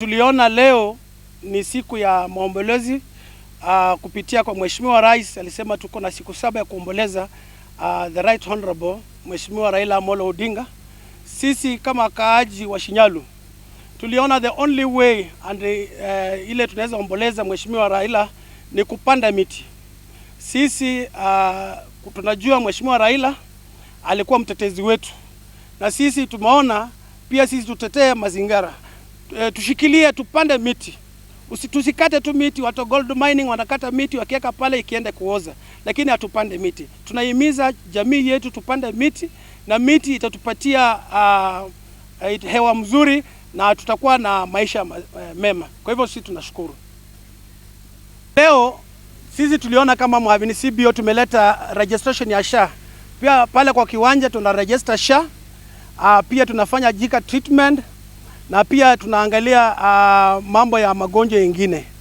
Tuliona leo ni siku ya maombolezi uh, kupitia kwa Mheshimiwa Rais alisema tuko na siku saba ya kuomboleza uh, the right honorable Mheshimiwa Raila Amolo Odinga. Sisi kama kaaji wa Shinyalu tuliona the only way and uh, ile tunaweza omboleza Mheshimiwa Raila ni kupanda miti. Sisi uh, tunajua Mheshimiwa Raila alikuwa mtetezi wetu, na sisi tumeona pia sisi tutetee mazingira e, tushikilie tupande miti Usi, tusikate tu miti. Watu gold mining wanakata miti wakiweka pale ikienda kuoza, lakini hatupande miti. Tunahimiza jamii yetu tupande miti na miti itatupatia uh, hewa mzuri na tutakuwa na maisha uh, mema. Kwa hivyo sisi tunashukuru leo sisi tuliona kama Mhavini CBO tumeleta registration ya SHA pia pale kwa kiwanja tuna register SHA uh, pia tunafanya jika treatment na pia tunaangalia uh, mambo ya magonjwa yengine.